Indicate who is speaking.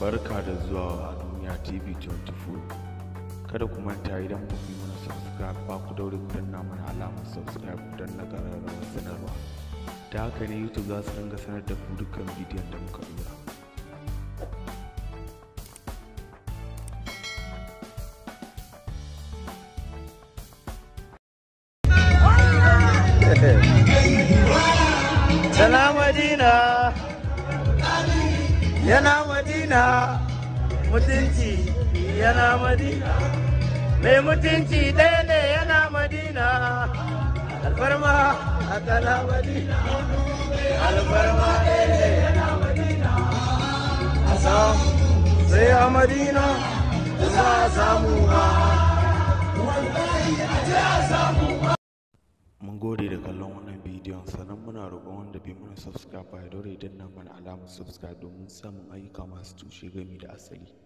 Speaker 1: barka da zuwa a duniya tv 24 kada ku manta idan ku yi mana subscribe ba ku daure ku danna mana alamar subscribe don na ƙararrawar sanarwa ta haka ne youtube za su dinga sanar da ku dukkan bidiyon da muka dora
Speaker 2: Salam yana madina mutunci yana madina mai mutunci
Speaker 3: ɗaya ne yana madina alfarma a kana madina alfarma ɗaya
Speaker 4: ne yana madina a samu sai a madina za a samu
Speaker 1: gode da kallon wannan bidiyon sannan muna roƙon wanda bai mana subscribe ba ya daure idan mana alamar subscribe domin samun ayyuka masu tushe gami da asali.